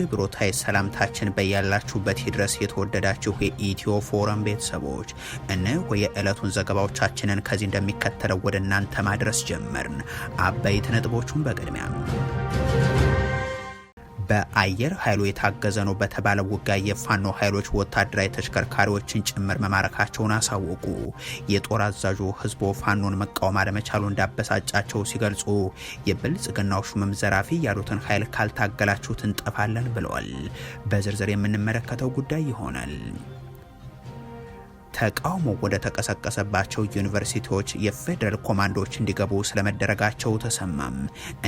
ክብሮታይ ሰላምታችን በያላችሁበት ድረስ የተወደዳችሁ የኢትዮ ፎረም ቤተሰቦች፣ እነሆ የዕለቱን ዘገባዎቻችንን ከዚህ እንደሚከተለው ወደ እናንተ ማድረስ ጀመርን። አበይት ነጥቦቹን በቅድሚያ በአየር ኃይሉ የታገዘ ነው በተባለ ውጋ የፋኖ ኃይሎች ወታደራዊ ተሽከርካሪዎችን ጭምር መማረካቸውን አሳወቁ። የጦር አዛዡ ህዝቡ ፋኖን መቃወም አለመቻሉ እንዳበሳጫቸው ሲገልጹ፣ የብልጽግናው ሹምም ዘራፊ ያሉትን ኃይል ካልታገላችሁት እንጠፋለን ብለዋል። በዝርዝር የምንመለከተው ጉዳይ ይሆናል። ተቃውሞ ወደ ተቀሰቀሰባቸው ዩኒቨርሲቲዎች የፌዴራል ኮማንዶዎች እንዲገቡ ስለመደረጋቸው ተሰማም።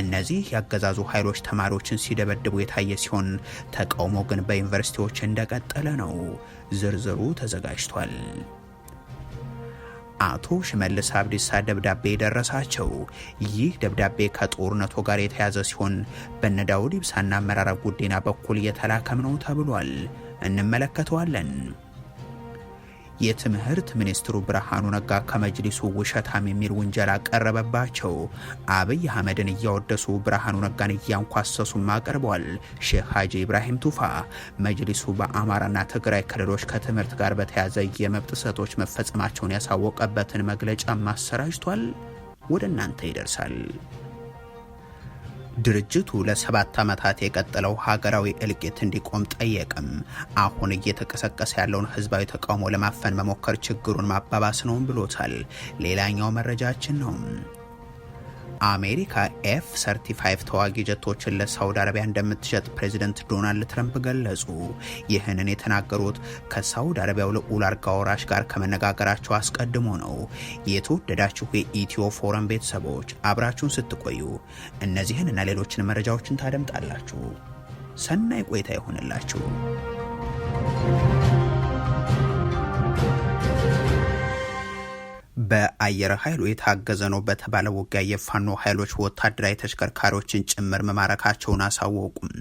እነዚህ ያገዛዙ ኃይሎች ተማሪዎችን ሲደበድቡ የታየ ሲሆን ተቃውሞ ግን በዩኒቨርሲቲዎች እንደቀጠለ ነው። ዝርዝሩ ተዘጋጅቷል። አቶ ሽመልስ አብዲሳ ደብዳቤ ደረሳቸው። ይህ ደብዳቤ ከጦርነቱ ጋር የተያዘ ሲሆን በነዳው ዳውድ ኢብሳና አመራራ ጉዲና በኩል እየተላከም ነው ተብሏል። እንመለከተዋለን። የትምህርት ሚኒስትሩ ብርሃኑ ነጋ ከመጅሊሱ ውሸታም የሚል ውንጀላ ቀረበባቸው። አብይ አህመድን እያወደሱ ብርሃኑ ነጋን እያንኳሰሱም አቅርበዋል። ሼህ ሀጂ ኢብራሂም ቱፋ መጅሊሱ በአማራና ትግራይ ክልሎች ከትምህርት ጋር በተያዘ የመብት ጥሰቶች መፈጸማቸውን ያሳወቀበትን መግለጫ ማሰራጅቷል። ወደ እናንተ ይደርሳል። ድርጅቱ ለሰባት ዓመታት የቀጠለው ሀገራዊ እልቂት እንዲቆም ጠየቅም። አሁን እየተቀሰቀሰ ያለውን ህዝባዊ ተቃውሞ ለማፈን መሞከር ችግሩን ማባባስ ነውም ብሎታል። ሌላኛው መረጃችን ነው። አሜሪካ ኤፍ 35 ተዋጊ ጀቶችን ለሳውዲ አረቢያ እንደምትሸጥ ፕሬዚደንት ዶናልድ ትረምፕ ገለጹ። ይህንን የተናገሩት ከሳውዲ አረቢያው ልዑል አልጋ ወራሽ ጋር ከመነጋገራቸው አስቀድሞ ነው። የተወደዳችሁ የኢትዮ ፎረም ቤተሰቦች አብራችሁን ስትቆዩ እነዚህን እና ሌሎችን መረጃዎችን ታደምጣላችሁ። ሰናይ ቆይታ ይሆንላችሁ። በአየር ኃይሉ የታገዘ ነው በተባለ ውጊያ የፋኖ ኃይሎች ወታደራዊ ተሽከርካሪዎችን ጭምር መማረካቸውን አሳወቁም።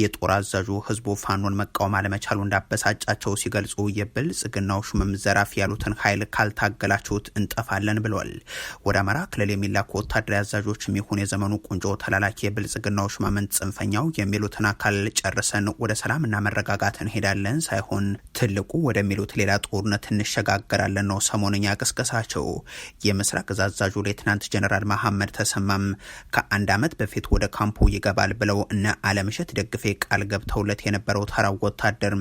የጦር አዛዡ ህዝቡ ፋኖን መቃወም አለመቻሉ እንዳበሳጫቸው ሲገልጹ የብልጽግናው ሹምም ዘራፊ ያሉትን ኃይል ካልታገላችሁት እንጠፋለን ብለዋል። ወደ አማራ ክልል የሚላኩ ወታደራዊ አዛዦች የሚሆን የዘመኑ ቁንጮ ተላላኪ የብልጽግናው ሹማምንት ጽንፈኛው የሚሉትን አካል ጨርሰን ወደ ሰላምና መረጋጋት እንሄዳለን ሳይሆን ትልቁ ወደሚሉት ሌላ ጦርነት እንሸጋገራለን ነው ሰሞንኛ ቅስቀሳቸው። የምስራቅ እዝ አዛዡ ሌትናንት ጀነራል መሐመድ ተሰማም ከአንድ ዓመት በፊት ወደ ካምፑ ይገባል ብለው እነ አለምሸት ደግፌ ቃል ገብተውለት የነበረው ተራው ወታደር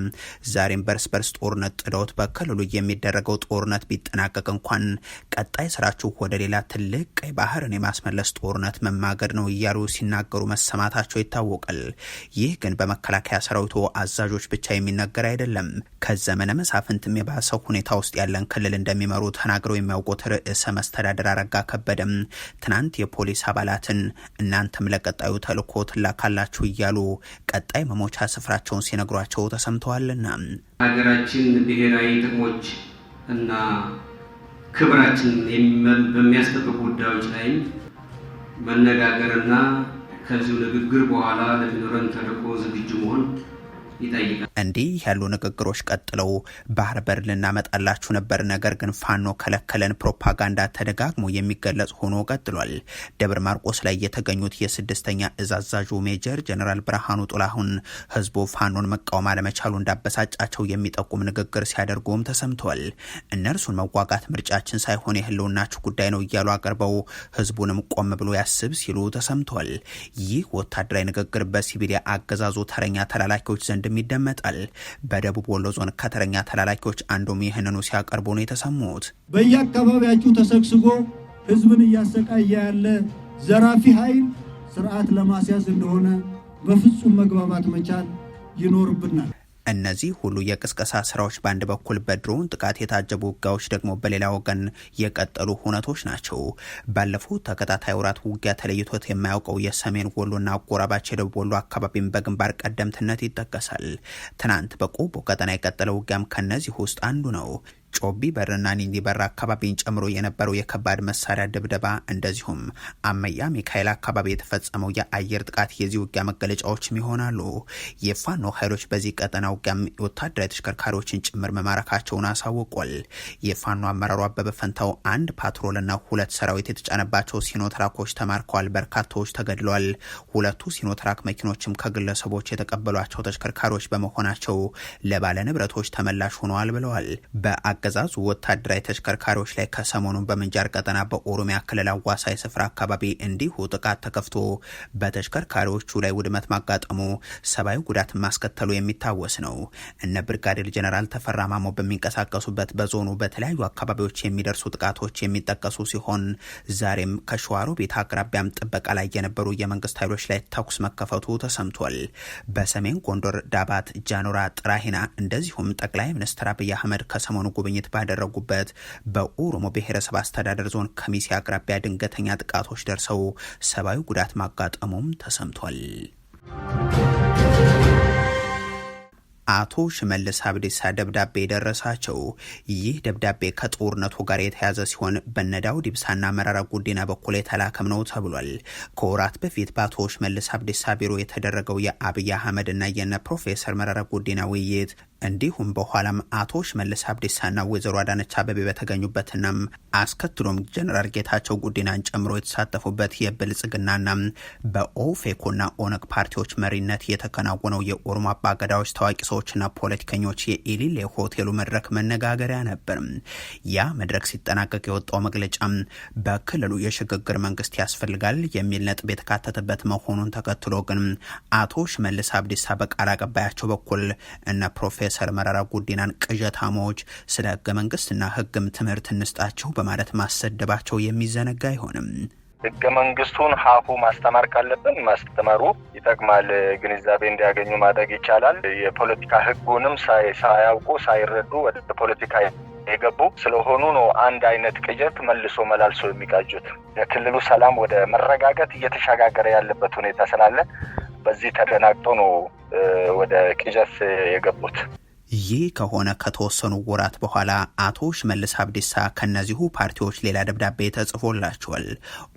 ዛሬም በርስ በርስ ጦርነት ጥደውት በክልሉ የሚደረገው ጦርነት ቢጠናቀቅ እንኳን ቀጣይ ስራችሁ ወደ ሌላ ትልቅ ቀይ ባህርን የማስመለስ ጦርነት መማገድ ነው እያሉ ሲናገሩ መሰማታቸው ይታወቃል። ይህ ግን በመከላከያ ሰራዊቱ አዛዦች ብቻ የሚነገር አይደለም። ከዘመነ መሳፍንትም የባሰው ሁኔታ ውስጥ ያለን ክልል እንደሚመሩ ተናግረው የሚያውቁት ርዕሰ መስተዳደር አረጋ ከበደም ትናንት የፖሊስ አባላትን እናንተም ለቀጣዩ ተልእኮ ትላካላችሁ እያሉ ቀጣይ መሞቻ ስፍራቸውን ሲነግሯቸው ተሰምተዋልና ሀገራችን ብሔራዊ ጥቅሞች እና ክብራችን በሚያስጠብቁ ጉዳዮች ላይም መነጋገርና ከዚሁ ንግግር በኋላ ለሚኖረን ተልዕኮ ዝግጁ መሆን ይጠይቃል። እንዲህ ያሉ ንግግሮች ቀጥለው ባህር በር ልናመጣላችሁ ነበር፣ ነገር ግን ፋኖ ከለከለን ፕሮፓጋንዳ ተደጋግሞ የሚገለጽ ሆኖ ቀጥሏል። ደብረ ማርቆስ ላይ የተገኙት የስድስተኛ እዝ አዛዡ ሜጀር ጀነራል ብርሃኑ ጥላሁን ህዝቡ ፋኖን መቃወም አለመቻሉ እንዳበሳጫቸው የሚጠቁም ንግግር ሲያደርጉም ተሰምተዋል። እነርሱን መዋጋት ምርጫችን ሳይሆን የህልውናችሁ ጉዳይ ነው እያሉ አቅርበው ህዝቡንም ቆም ብሎ ያስብ ሲሉ ተሰምተዋል። ይህ ወታደራዊ ንግግር በሲቪል አገዛዙ ተረኛ ተላላኪዎች ዘንድ ዘንድም ይደመጣል። በደቡብ ወሎ ዞን ከተረኛ ተላላኪዎች አንዱም ይህንኑ ሲያቀርቡ ነው የተሰሙት። በየአካባቢያችሁ ተሰግስጎ ህዝብን እያሰቃየ ያለ ዘራፊ ኃይል ስርዓት ለማስያዝ እንደሆነ በፍጹም መግባባት መቻል ይኖርብናል። እነዚህ ሁሉ የቅስቀሳ ስራዎች በአንድ በኩል በድሮን ጥቃት የታጀቡ ውጊያዎች ደግሞ በሌላ ወገን የቀጠሉ ሁነቶች ናቸው። ባለፉት ተከታታይ ወራት ውጊያ ተለይቶት የማያውቀው የሰሜን ወሎና አጎራባች የደቡብ ወሎ አካባቢም በግንባር ቀደምትነት ይጠቀሳል። ትናንት በቆቦ ቀጠና የቀጠለ ውጊያም ከነዚህ ውስጥ አንዱ ነው። ጮቢ በርና ኒንዲ በር አካባቢን ጨምሮ የነበረው የከባድ መሳሪያ ድብደባ፣ እንደዚሁም አመያ ሚካኤል አካባቢ የተፈጸመው የአየር ጥቃት የዚህ ውጊያ መገለጫዎችም ይሆናሉ። የፋኖ ኃይሎች በዚህ ቀጠና ውጊያም ወታደራዊ ተሽከርካሪዎችን ጭምር መማረካቸውን አሳውቋል። የፋኖ አመራሩ አበበ ፈንታው አንድ ፓትሮልና ሁለት ሰራዊት የተጫነባቸው ሲኖትራኮች ተማርከዋል፣ በርካታዎች ተገድለዋል። ሁለቱ ሲኖትራክ መኪኖችም ከግለሰቦች የተቀበሏቸው ተሽከርካሪዎች በመሆናቸው ለባለ ንብረቶች ተመላሽ ሆነዋል ብለዋል። አገዛዙ ወታደራዊ ተሽከርካሪዎች ላይ ከሰሞኑን በምንጃር ቀጠና በኦሮሚያ ክልል አዋሳኝ ስፍራ አካባቢ እንዲሁ ጥቃት ተከፍቶ በተሽከርካሪዎቹ ላይ ውድመት ማጋጠሙ ሰብአዊ ጉዳት ማስከተሉ የሚታወስ ነው። እነ ብርጋዴር ጀነራል ተፈራ ማሞ በሚንቀሳቀሱበት በዞኑ በተለያዩ አካባቢዎች የሚደርሱ ጥቃቶች የሚጠቀሱ ሲሆን ዛሬም ከሸዋሮ ቤት አቅራቢያም ጥበቃ ላይ የነበሩ የመንግስት ኃይሎች ላይ ተኩስ መከፈቱ ተሰምቷል። በሰሜን ጎንደር ዳባት፣ ጃኖራ ጥራሂና እንደዚሁም ጠቅላይ ሚኒስትር አብይ አህመድ ከሰሞኑ ጉብኝት ባደረጉበት በኦሮሞ ብሔረሰብ አስተዳደር ዞን ከሚሴ አቅራቢያ ድንገተኛ ጥቃቶች ደርሰው ሰብአዊ ጉዳት ማጋጠሙም ተሰምቷል። አቶ ሽመልስ አብዲሳ ደብዳቤ የደረሳቸው ይህ ደብዳቤ ከጦርነቱ ጋር የተያዘ ሲሆን በነዳው ዲብሳና መራራ ጉዲና በኩል የተላከም ነው ተብሏል። ከወራት በፊት በአቶ ሽመልስ አብዲሳ ቢሮ የተደረገው የአብይ አህመድና የነ ፕሮፌሰር መራራ ጉዲና ውይይት እንዲሁም በኋላም አቶ ሽመልስ አብዲሳና ወይዘሮ አዳነች አበቤ በተገኙበትና አስከትሎም ጀነራል ጌታቸው ጉዲናን ጨምሮ የተሳተፉበት የብልጽግናና በኦፌኮና ኦነግ ፓርቲዎች መሪነት የተከናወነው የኦሮሞ አባገዳዎች ታዋቂ ሰዎችና ፖለቲከኞች የኢሊሌ ሆቴሉ መድረክ መነጋገሪያ ነበር። ያ መድረክ ሲጠናቀቅ የወጣው መግለጫ በክልሉ የሽግግር መንግስት ያስፈልጋል የሚል ነጥብ የተካተተበት መሆኑን ተከትሎ ግን አቶ ሽመልስ አብዲሳ በቃል አቀባያቸው በኩል እነ ፕሮፌ የዶክተር መራራ ጉዲናን ቅዠታሞች ስለ ህገ መንግስትና ህግም ትምህርት እንስጣቸው በማለት ማሰደባቸው የሚዘነጋ አይሆንም። ህገ መንግስቱን ሀሁ ማስተማር ካለብን ማስተማሩ ይጠቅማል። ግንዛቤ እንዲያገኙ ማድረግ ይቻላል። የፖለቲካ ህጉንም ሳያውቁ ሳይረዱ ወደ ፖለቲካ የገቡ ስለሆኑ ነው። አንድ አይነት ቅጀት መልሶ መላልሶ የሚቃጁት የክልሉ ሰላም ወደ መረጋጋት እየተሸጋገረ ያለበት ሁኔታ ስላለ በዚህ ተደናግጦ ነው ወደ ቅጀት የገቡት። ይህ ከሆነ ከተወሰኑ ወራት በኋላ አቶ ሽመልስ አብዲሳ ከነዚሁ ፓርቲዎች ሌላ ደብዳቤ ተጽፎላቸዋል።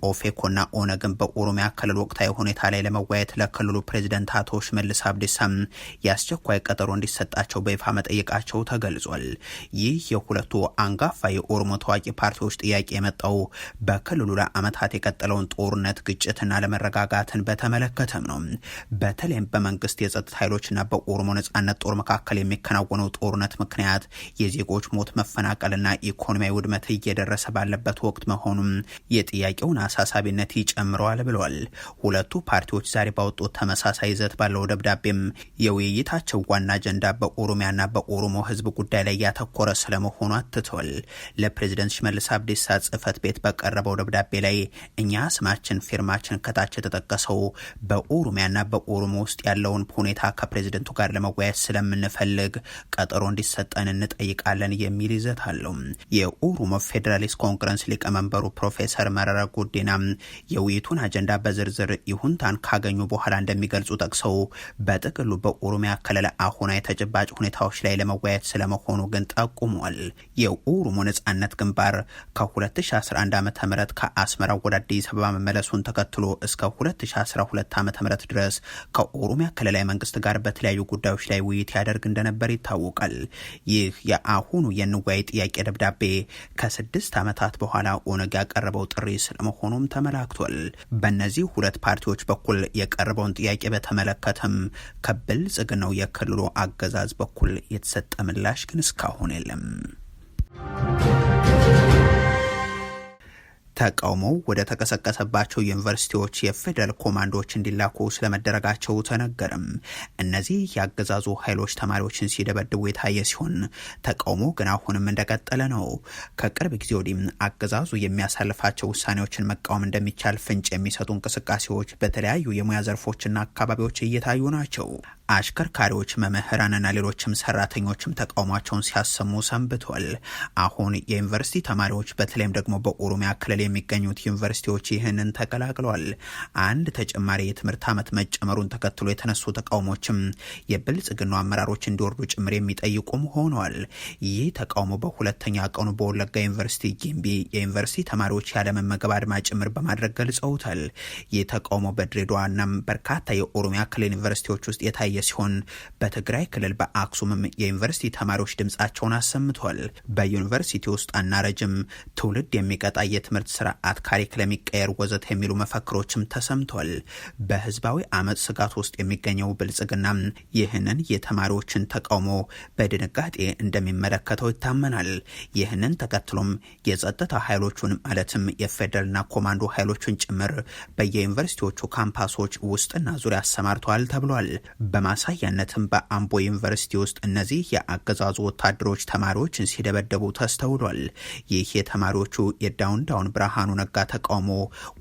ኦፌኮና ኦነግን በኦሮሚያ ክልል ወቅታዊ ሁኔታ ላይ ለመወያየት ለክልሉ ፕሬዚደንት አቶ ሽመልስ አብዲሳም የአስቸኳይ ቀጠሮ እንዲሰጣቸው በይፋ መጠየቃቸው ተገልጿል። ይህ የሁለቱ አንጋፋ የኦሮሞ ታዋቂ ፓርቲዎች ጥያቄ የመጣው በክልሉ ለአመታት የቀጠለውን ጦርነት፣ ግጭትና ለመረጋጋትን በተመለከተም ነው። በተለይም በመንግስት የጸጥታ ኃይሎችና በኦሮሞ ነጻነት ጦር መካከል የሚከናወ በተከናወነው ጦርነት ምክንያት የዜጎች ሞት፣ መፈናቀልና ኢኮኖሚያዊ ውድመት እየደረሰ ባለበት ወቅት መሆኑም የጥያቄውን አሳሳቢነት ይጨምረዋል ብለዋል። ሁለቱ ፓርቲዎች ዛሬ ባወጡት ተመሳሳይ ይዘት ባለው ደብዳቤም የውይይታቸው ዋና አጀንዳ በኦሮሚያና በኦሮሞ ሕዝብ ጉዳይ ላይ ያተኮረ ስለመሆኑ አትተዋል። ለፕሬዚደንት ሽመልስ አብዲሳ ጽህፈት ቤት በቀረበው ደብዳቤ ላይ እኛ ስማችን ፊርማችን ከታች የተጠቀሰው በኦሮሚያና በኦሮሞ ውስጥ ያለውን ሁኔታ ከፕሬዚደንቱ ጋር ለመወያየት ስለምንፈልግ ቀጠሮ እንዲሰጠን እንጠይቃለን የሚል ይዘት አለው። የኦሮሞ ፌዴራሊስት ኮንግረስ ሊቀመንበሩ ፕሮፌሰር መረራ ጉዲና የውይይቱን አጀንዳ በዝርዝር ይሁንታን ካገኙ በኋላ እንደሚገልጹ ጠቅሰው በጥቅሉ በኦሮሚያ ክልል አሁና የተጨባጭ ሁኔታዎች ላይ ለመወያየት ስለመሆኑ ግን ጠቁሟል። የኦሮሞ ነጻነት ግንባር ከ2011 ዓ ም ከአስመራ ወደ አዲስ አበባ መመለሱን ተከትሎ እስከ 2012 ዓ ም ድረስ ከኦሮሚያ ክልላዊ መንግስት ጋር በተለያዩ ጉዳዮች ላይ ውይይት ያደርግ እንደነበር ይታወቃል። ይህ የአሁኑ የንዋይ ጥያቄ ደብዳቤ ከስድስት ዓመታት በኋላ ኦነግ ያቀረበው ጥሪ ስለመሆኑም ተመላክቷል። በእነዚህ ሁለት ፓርቲዎች በኩል የቀረበውን ጥያቄ በተመለከተም ከብልጽግናው የክልሉ አገዛዝ በኩል የተሰጠ ምላሽ ግን እስካሁን የለም። ተቃውሞው ወደ ተቀሰቀሰባቸው ዩኒቨርሲቲዎች የፌደራል ኮማንዶዎች እንዲላኩ ስለመደረጋቸው ተነገርም። እነዚህ የአገዛዙ ኃይሎች ተማሪዎችን ሲደበድቡ የታየ ሲሆን ተቃውሞ ግን አሁንም እንደቀጠለ ነው። ከቅርብ ጊዜ ወዲህም አገዛዙ የሚያሳልፋቸው ውሳኔዎችን መቃወም እንደሚቻል ፍንጭ የሚሰጡ እንቅስቃሴዎች በተለያዩ የሙያ ዘርፎችና አካባቢዎች እየታዩ ናቸው። አሽከርካሪዎች፣ መምህራንና ሌሎችም ሰራተኞችም ተቃውሟቸውን ሲያሰሙ ሰንብቷል። አሁን የዩኒቨርሲቲ ተማሪዎች በተለይም ደግሞ በኦሮሚያ ክልል የሚገኙት ዩኒቨርሲቲዎች ይህንን ተቀላቅለዋል። አንድ ተጨማሪ የትምህርት ዓመት መጨመሩን ተከትሎ የተነሱ ተቃውሞችም የብልጽግና አመራሮች እንዲወርዱ ጭምር የሚጠይቁም ሆነዋል። ይህ ተቃውሞ በሁለተኛ ቀኑ በወለጋ ዩኒቨርሲቲ ጊምቢ የዩኒቨርሲቲ ተማሪዎች ያለመመገብ አድማ ጭምር በማድረግ ገልጸውታል። ይህ ተቃውሞ በድሬዳዋናም በርካታ የኦሮሚያ ክልል ዩኒቨርሲቲዎች ውስጥ የታየ ሲሆን በትግራይ ክልል በአክሱምም የዩኒቨርሲቲ ተማሪዎች ድምጻቸውን አሰምቷል። በዩኒቨርሲቲ ውስጥ አናረጅም ትውልድ የሚቀጣ የትምህርት ስርዓት ካሪክለም ይቀየር ወዘት የሚሉ መፈክሮችም ተሰምቷል። በህዝባዊ አመፅ ስጋት ውስጥ የሚገኘው ብልጽግና ይህንን የተማሪዎችን ተቃውሞ በድንጋጤ እንደሚመለከተው ይታመናል። ይህንን ተከትሎም የጸጥታ ኃይሎቹን ማለትም የፌደራልና ኮማንዶ ኃይሎቹን ጭምር በየዩኒቨርሲቲዎቹ ካምፓሶች ውስጥና ዙሪያ አሰማርተዋል ተብሏል። በማሳያነትም በአምቦ ዩኒቨርሲቲ ውስጥ እነዚህ የአገዛዙ ወታደሮች ተማሪዎችን ሲደበደቡ ተስተውሏል። ይህ የተማሪዎቹ የዳውን ዳውን ብራ ብርሃኑ ነጋ ተቃውሞ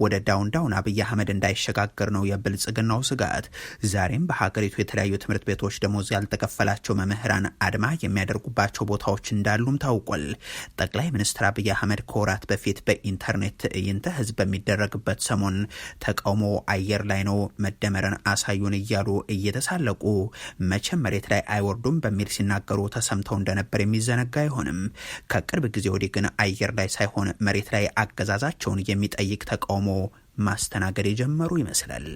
ወደ ዳውን ዳውን አብይ አህመድ እንዳይሸጋገር ነው የብልጽግናው ስጋት። ዛሬም በሀገሪቱ የተለያዩ ትምህርት ቤቶች ደሞዝ ያልተከፈላቸው መምህራን አድማ የሚያደርጉባቸው ቦታዎች እንዳሉም ታውቋል። ጠቅላይ ሚኒስትር አብይ አህመድ ከወራት በፊት በኢንተርኔት ትዕይንተ ህዝብ በሚደረግበት ሰሞን ተቃውሞ አየር ላይ ነው፣ መደመርን አሳዩን እያሉ እየተሳለቁ መቼም መሬት ላይ አይወርዱም በሚል ሲናገሩ ተሰምተው እንደነበር የሚዘነጋ አይሆንም። ከቅርብ ጊዜ ወዲህ ግን አየር ላይ ሳይሆን መሬት ላይ አገዛዝ መያዛቸውን የሚጠይቅ ተቃውሞ ማስተናገድ የጀመሩ ይመስላል።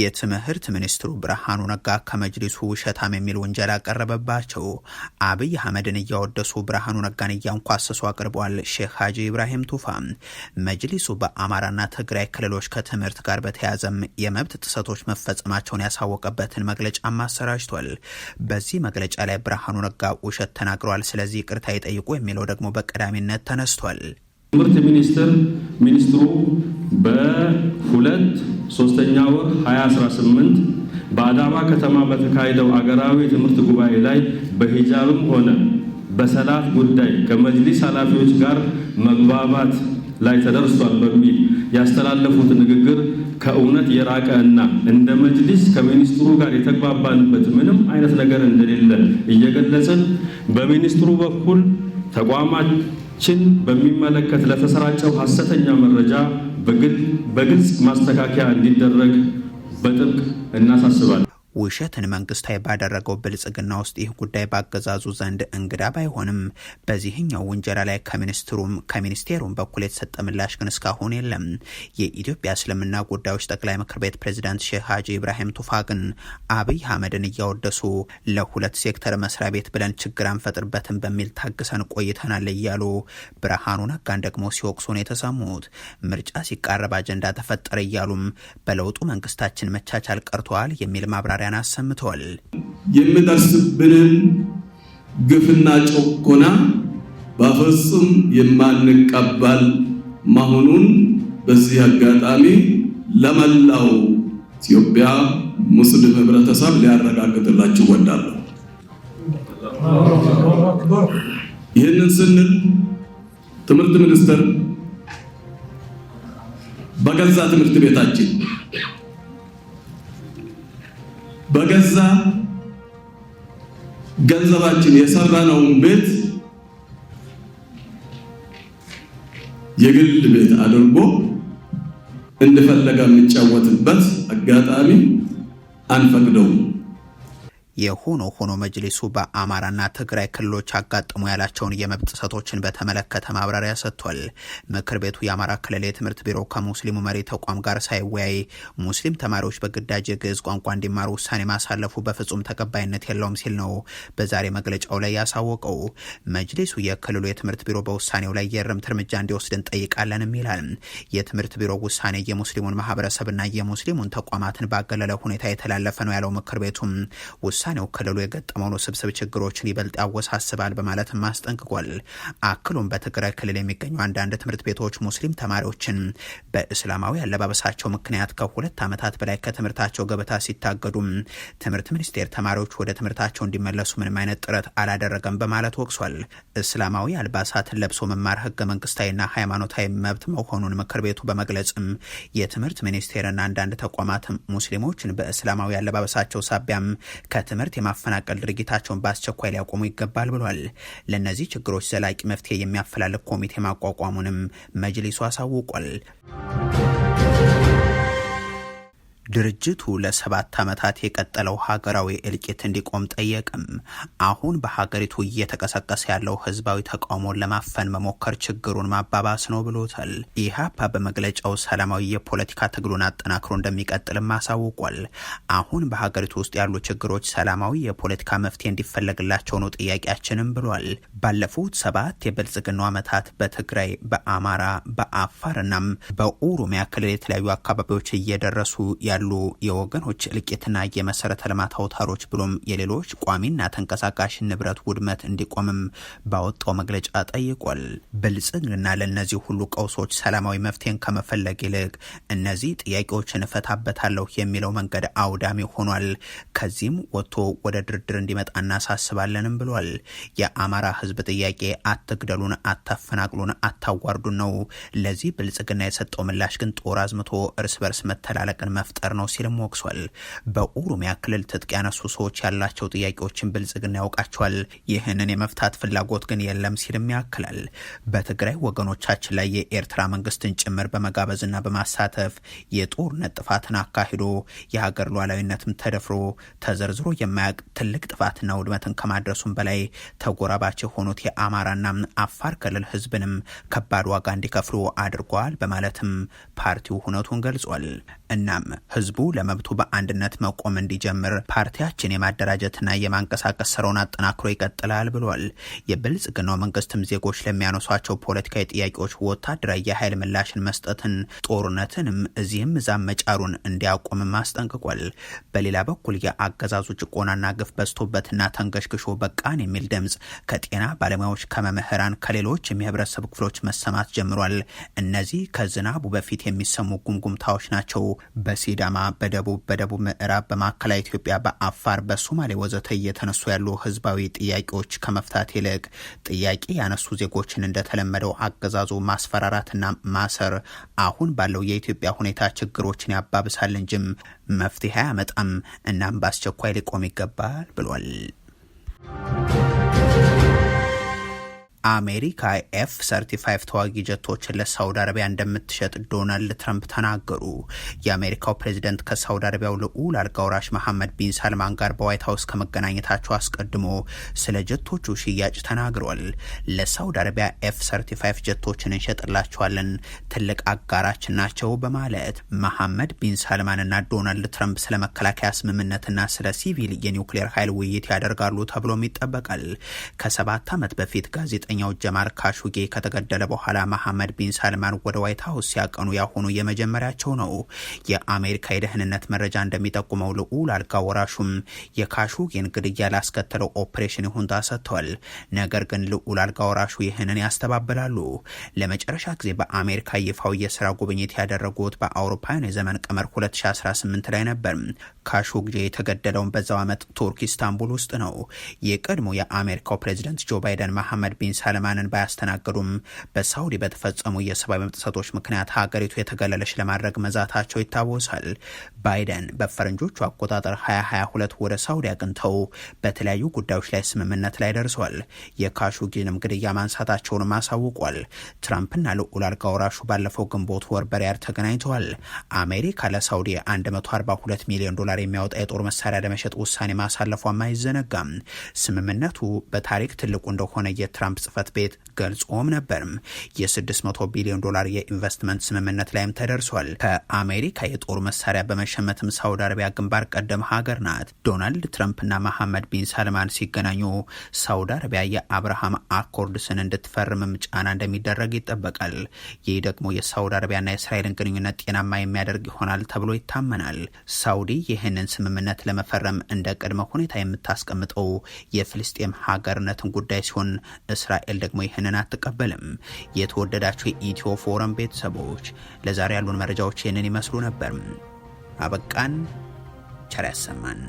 የትምህርት ሚኒስትሩ ብርሃኑ ነጋ ከመጅሊሱ ውሸታም የሚል ወንጀል ያቀረበባቸው አብይ አህመድን እያወደሱ ብርሃኑ ነጋን እያንኳሰሱ አቅርበዋል። ሼክ ሀጂ ኢብራሂም ቱፋ መጅሊሱ በአማራና ትግራይ ክልሎች ከትምህርት ጋር በተያያዘም የመብት ጥሰቶች መፈጸማቸውን ያሳወቀበትን መግለጫ አሰራጅቷል። በዚህ መግለጫ ላይ ብርሃኑ ነጋ ውሸት ተናግረዋል፣ ስለዚህ ይቅርታ ይጠይቁ የሚለው ደግሞ በቀዳሚነት ተነስቷል። ትምህርት ሚኒስትር ሚኒስትሩ በሁለት ሶስተኛ ወር 2018 በአዳማ ከተማ በተካሄደው አገራዊ የትምህርት ጉባኤ ላይ በሂጃብም ሆነ በሰላት ጉዳይ ከመጅሊስ ኃላፊዎች ጋር መግባባት ላይ ተደርሷል በሚል ያስተላለፉት ንግግር ከእውነት የራቀ እና እንደ መጅሊስ ከሚኒስትሩ ጋር የተግባባንበት ምንም አይነት ነገር እንደሌለ እየገለጽን በሚኒስትሩ በኩል ተቋማት ችን በሚመለከት ለተሰራጨው ሐሰተኛ መረጃ በግልጽ ማስተካከያ እንዲደረግ በጥብቅ እናሳስባለን። ውሸትን መንግስታዊ ባደረገው ብልጽግና ውስጥ ይህ ጉዳይ በአገዛዙ ዘንድ እንግዳ ባይሆንም በዚህኛው ውንጀላ ላይ ከሚኒስትሩም ከሚኒስቴሩም በኩል የተሰጠ ምላሽ ግን እስካሁን የለም። የኢትዮጵያ እስልምና ጉዳዮች ጠቅላይ ምክር ቤት ፕሬዚዳንት ሼህ ሀጂ ኢብራሂም ቱፋ ግን አብይ አህመድን እያወደሱ ለሁለት ሴክተር መስሪያ ቤት ብለን ችግር አንፈጥርበትም በሚል ታግሰን ቆይተናል እያሉ ብርሃኑ ነጋን ደግሞ ሲወቅሱ ነው የተሰሙት። ምርጫ ሲቃረብ አጀንዳ ተፈጠረ እያሉም በለውጡ መንግስታችን መቻቻል ቀርተዋል የሚል ማብራሪያ ማብራሪያን አሰምተዋል። የምታስብብንን ግፍና ጭቆና በፍጹም የማንቀበል መሆኑን በዚህ አጋጣሚ ለመላው ኢትዮጵያ ሙስሊም ህብረተሰብ ሊያረጋግጥላችሁ እወዳለሁ። ይህንን ስንል ትምህርት ሚኒስቴር በገዛ ትምህርት ቤታችን በገዛ ገንዘባችን የሰራነውን ቤት የግል ቤት አድርጎ እንደፈለገ የሚጫወትበት አጋጣሚ አንፈቅደውም። የሆኖ ሆኖ መጅሊሱ በአማራና ትግራይ ክልሎች አጋጥሞ ያላቸውን የመብት ጥሰቶችን በተመለከተ ማብራሪያ ሰጥቷል። ምክር ቤቱ የአማራ ክልል የትምህርት ቢሮ ከሙስሊሙ መሪ ተቋም ጋር ሳይወያይ ሙስሊም ተማሪዎች በግዳጅ የግዕዝ ቋንቋ እንዲማሩ ውሳኔ ማሳለፉ በፍጹም ተቀባይነት የለውም ሲል ነው በዛሬ መግለጫው ላይ ያሳወቀው። መጅሊሱ የክልሉ የትምህርት ቢሮ በውሳኔው ላይ የእርምት እርምጃ እንዲወስድ እንጠይቃለንም ይላል። የትምህርት ቢሮ ውሳኔ የሙስሊሙን ማህበረሰብና የሙስሊሙን ተቋማትን ባገለለ ሁኔታ የተላለፈ ነው ያለው ምክር ቤቱም ውሳኔው ክልሉ የገጠመውን ውስብስብ ችግሮችን ይበልጥ ያወሳስባል በማለትም አስጠንቅቋል። አክሉም በትግራይ ክልል የሚገኙ አንዳንድ ትምህርት ቤቶች ሙስሊም ተማሪዎችን በእስላማዊ አለባበሳቸው ምክንያት ከሁለት ዓመታት በላይ ከትምህርታቸው ገበታ ሲታገዱ ትምህርት ሚኒስቴር ተማሪዎች ወደ ትምህርታቸው እንዲመለሱ ምንም አይነት ጥረት አላደረገም በማለት ወቅሷል። እስላማዊ አልባሳትን ለብሶ መማር ህገ መንግስታዊና ሃይማኖታዊ መብት መሆኑን ምክር ቤቱ በመግለጽም የትምህርት ሚኒስቴርና አንዳንድ ተቋማት ሙስሊሞችን በእስላማዊ አለባበሳቸው ሳቢያም ከትምህርት የማፈናቀል ድርጊታቸውን በአስቸኳይ ሊያቆሙ ይገባል ብሏል። ለእነዚህ ችግሮች ዘላቂ መፍትሄ የሚያፈላልግ ኮሚቴ ማቋቋሙንም መጅሊሱ አሳውቋል። ድርጅቱ ለሰባት ዓመታት የቀጠለው ሀገራዊ እልቂት እንዲቆም ጠየቅም። አሁን በሀገሪቱ እየተቀሰቀሰ ያለው ህዝባዊ ተቃውሞን ለማፈን መሞከር ችግሩን ማባባስ ነው ብሎታል። ኢህአፓ በመግለጫው ሰላማዊ የፖለቲካ ትግሉን አጠናክሮ እንደሚቀጥልም አሳውቋል። አሁን በሀገሪቱ ውስጥ ያሉ ችግሮች ሰላማዊ የፖለቲካ መፍትሄ እንዲፈለግላቸው ነው ጥያቄያችንም ብሏል። ባለፉት ሰባት የብልጽግናው ዓመታት በትግራይ፣ በአማራ፣ በአፋርናም እናም በኦሮሚያ ክልል የተለያዩ አካባቢዎች እየደረሱ ያሉ የወገኖች እልቂትና የመሰረተ ልማት አውታሮች ብሎም የሌሎች ቋሚና ተንቀሳቃሽ ንብረት ውድመት እንዲቆምም ባወጣው መግለጫ ጠይቋል። ብልጽግና ለእነዚህ ሁሉ ቀውሶች ሰላማዊ መፍትሄን ከመፈለግ ይልቅ እነዚህ ጥያቄዎችን እፈታበታለሁ የሚለው መንገድ አውዳሚ ሆኗል። ከዚህም ወጥቶ ወደ ድርድር እንዲመጣ እናሳስባለንም ብሏል። የአማራ ህዝብ ጥያቄ አትግደሉን፣ አታፈናቅሉን፣ አታዋርዱን ነው። ለዚህ ብልጽግና የሰጠው ምላሽ ግን ጦር አዝምቶ እርስ በርስ መተላለቅን መፍጠር የሚፈጠር ነው ሲልም ወቅሷል። በኦሮሚያ ክልል ትጥቅ ያነሱ ሰዎች ያላቸው ጥያቄዎችን ብልጽግና ያውቃቸዋል፣ ይህንን የመፍታት ፍላጎት ግን የለም ሲልም ያክላል። በትግራይ ወገኖቻችን ላይ የኤርትራ መንግስትን ጭምር በመጋበዝና በማሳተፍ የጦርነት ጥፋትን አካሂዶ የሀገር ሉዓላዊነትም ተደፍሮ ተዘርዝሮ የማያውቅ ትልቅ ጥፋትና ውድመትን ከማድረሱም በላይ ተጎራባች የሆኑት የአማራና አፋር ክልል ህዝብንም ከባድ ዋጋ እንዲከፍሉ አድርጓል በማለትም ፓርቲው ሁነቱን ገልጿል። እናም ህዝቡ ለመብቱ በአንድነት መቆም እንዲጀምር ፓርቲያችን የማደራጀትና የማንቀሳቀስ ስራውን አጠናክሮ ይቀጥላል ብሏል። የብልጽግናው መንግስትም ዜጎች ለሚያነሷቸው ፖለቲካዊ ጥያቄዎች ወታደራዊ የኃይል ምላሽን መስጠትን፣ ጦርነትንም እዚህም እዛም መጫሩን እንዲያቆምም አስጠንቅቋል። በሌላ በኩል የአገዛዙ ጭቆናና ግፍ በዝቶበትና ተንገሽግሾ በቃን የሚል ድምፅ ከጤና ባለሙያዎች፣ ከመምህራን፣ ከሌሎች የህብረተሰብ ክፍሎች መሰማት ጀምሯል። እነዚህ ከዝናቡ በፊት የሚሰሙ ጉምጉምታዎች ናቸው በሲዳ በሲዳማ፣ በደቡብ፣ በደቡብ ምዕራብ፣ በማዕከላዊ ኢትዮጵያ፣ በአፋር፣ በሶማሌ ወዘተ እየተነሱ ያሉ ህዝባዊ ጥያቄዎች ከመፍታት ይልቅ ጥያቄ ያነሱ ዜጎችን እንደተለመደው አገዛዙ ማስፈራራትና ማሰር አሁን ባለው የኢትዮጵያ ሁኔታ ችግሮችን ያባብሳል እንጂም መፍትሄ አያመጣም። እናም በአስቸኳይ ሊቆም ይገባል ብሏል። አሜሪካ ኤፍ 35 ተዋጊ ጀቶችን ለሳውዲ አረቢያ እንደምትሸጥ ዶናልድ ትራምፕ ተናገሩ። የአሜሪካው ፕሬዚደንት ከሳውዲ አረቢያው ልዑል አልጋውራሽ መሐመድ ቢን ሳልማን ጋር በዋይት ሀውስ ከመገናኘታቸው አስቀድሞ ስለ ጀቶቹ ሽያጭ ተናግሯል። ለሳውዲ አረቢያ ኤፍ 35 ጀቶችን እንሸጥላቸዋለን፣ ትልቅ አጋራችን ናቸው በማለት መሐመድ ቢን ሰልማንና ዶናልድ ትራምፕ ስለ መከላከያ ስምምነትና ስለ ሲቪል የኒውክሌር ኃይል ውይይት ያደርጋሉ ተብሎም ይጠበቃል። ከሰባት ዓመት በፊት ጋዜጠ ጋዜጠኛው ጀማል ካሹጌ ከተገደለ በኋላ መሐመድ ቢን ሳልማን ወደ ዋይት ሀውስ ሲያቀኑ ያሆኑ የመጀመሪያቸው ነው። የአሜሪካ የደህንነት መረጃ እንደሚጠቁመው ልዑል አልጋ ወራሹም የካሹጌን ግድያ ላስከተለው ኦፕሬሽን ይሁንታ ሰጥቷል። ነገር ግን ልዑል አልጋ ወራሹ ይህንን ያስተባብላሉ። ለመጨረሻ ጊዜ በአሜሪካ ይፋው የስራ ጉብኝት ያደረጉት በአውሮፓውያን የዘመን ቀመር 2018 ላይ ነበር። ካሾግጄ የተገደለውን በዛው ዓመት ቱርክ ኢስታንቡል ውስጥ ነው። የቀድሞ የአሜሪካው ፕሬዚደንት ጆ ባይደን መሐመድ ቢን አለማንን ባያስተናግዱም በሳውዲ በተፈጸሙ የሰብአዊ መብት ጥሰቶች ምክንያት ሀገሪቱ የተገለለች ለማድረግ መዛታቸው ይታወሳል። ባይደን በፈረንጆቹ አቆጣጠር 2022 ወደ ሳውዲ አቅንተው በተለያዩ ጉዳዮች ላይ ስምምነት ላይ ደርሰዋል። የካሹጊንም ግድያ ማንሳታቸውንም አሳውቋል። ትራምፕና ልዑል አልጋ ወራሹ ባለፈው ግንቦት ወር በሪያድ ተገናኝተዋል። አሜሪካ ለሳውዲ 142 ሚሊዮን ዶላር የሚያወጣ የጦር መሳሪያ ለመሸጥ ውሳኔ ማሳለፏም አይዘነጋም። ስምምነቱ በታሪክ ትልቁ እንደሆነ የትራምፕ ጽህፈት ቤት ገልጾም ነበርም። የ600 ቢሊዮን ዶላር የኢንቨስትመንት ስምምነት ላይም ተደርሷል። ከአሜሪካ የጦር መሳሪያ በመሸመትም ሳውዲ አረቢያ ግንባር ቀደም ሀገር ናት። ዶናልድ ትራምፕና መሐመድ ቢን ሳልማን ሲገናኙ ሳውዲ አረቢያ የአብርሃም አኮርድስን እንድትፈርምም ጫና እንደሚደረግ ይጠበቃል። ይህ ደግሞ የሳውዲ አረቢያና የእስራኤልን ግንኙነት ጤናማ የሚያደርግ ይሆናል ተብሎ ይታመናል። ሳውዲ ይህንን ስምምነት ለመፈረም እንደ ቅድመ ሁኔታ የምታስቀምጠው የፍልስጤም ሀገርነትን ጉዳይ ሲሆን እስራ እስራኤል ደግሞ ይህንን አትቀበልም። የተወደዳቸው የኢትዮ ፎረም ቤተሰቦች ለዛሬ ያሉን መረጃዎች ይህንን ይመስሉ ነበር። አበቃን። ቸር ያሰማን።